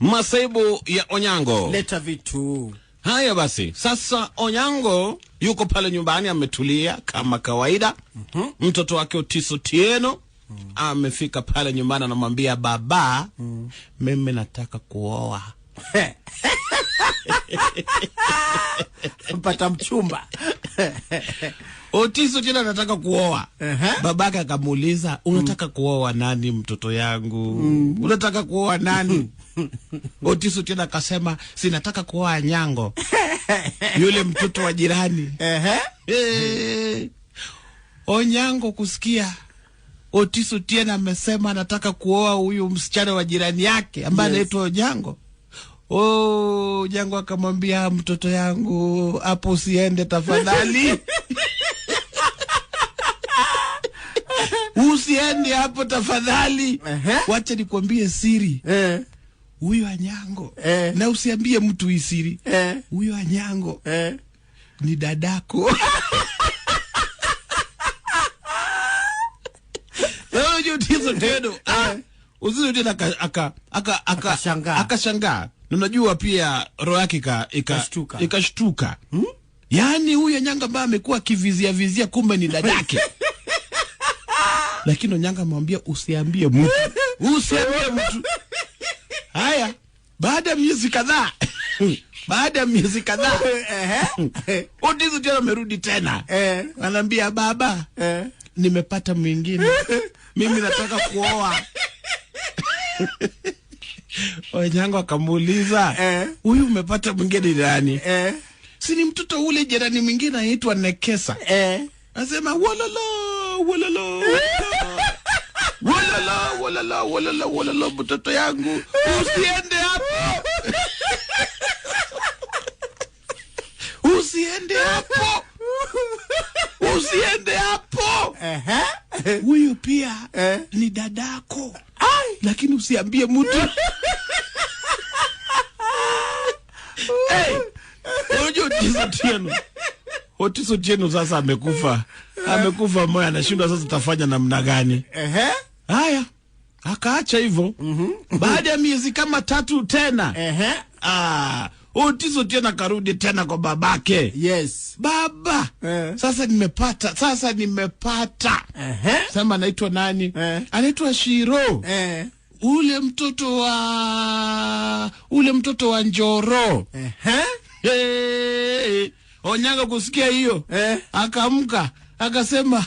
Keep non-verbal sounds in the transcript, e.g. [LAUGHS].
Masaibu ya Onyango. Leta vitu. Haya basi, sasa Onyango yuko pale nyumbani ametulia kama kawaida. mm -hmm. Mtoto wake Otiso Tieno mm -hmm. amefika pale nyumbani, anamwambia baba, mm -hmm. mimi nataka kuoa [LAUGHS] mpata mchumba [LAUGHS] Otiso tena anataka kuoa. uh -huh. Babake akamuuliza unataka mm. kuoa nani mtoto yangu? mm. unataka kuoa nani? [LAUGHS] Otiso tena akasema sinataka kuoa Nyango, [LAUGHS] yule mtoto wa jirani. uh eh. -huh. hey. Onyango kusikia Otiso tena amesema anataka kuoa huyu msichana wa jirani yake ambaye yes. anaitwa Onyango. Oh, Onyango akamwambia mtoto yangu hapo usiende tafadhali. [LAUGHS] usiende hapo tafadhali. Wacha nikwambie siri eh. huyo Anyango eh. na usiambie mtu hii siri huyo eh. Anyango eh. ni dadako tizo tedo uzizo tena akashangaa aka, aka, aka, aka na unajua pia roho yake ikashtuka ika, hmm? Yaani huyu Anyango ambaye amekuwa akivizia vizia kumbe ni dadake [LAUGHS] lakini Onyanga mwambia usiambie mtu, usiambie mtu. Haya, baada ya miezi kadhaa [LAUGHS] baada ya miezi kadhaa Otis [LAUGHS] tena amerudi tena, eh. anaambia baba, eh. nimepata mwingine, [LAUGHS] mimi nataka kuoa. Onyango akamuuliza eh. huyu umepata mwingine nani? si ni mtoto ule jirani mwingine anaitwa Nekesa. Anasema wololo walala walala walala walala walala, mtoto yangu usiende hapo, usiende hapo, usiende hapo. Huyu pia eh. ni dadako, lakini usiambie mtu. [LAUGHS] Hey, unajua tatizo tena Otis Chenu sasa amekufa, amekufa moyo, anashindwa sasa, tafanya namna gani? Ehe, haya akaacha hivyo. mm -hmm. Baada ya miezi kama tatu tena, ehe, ah Otis Otieno akarudi tena kwa babake. Yes. Baba. Eh. Sasa nimepata, sasa nimepata. Eh. Sema anaitwa nani? Eh. Anaitwa Shiro. Eh. Ule mtoto wa ule mtoto wa Njoro. Eh. Eh. Onyango kusikia hiyo eh, akamka akasema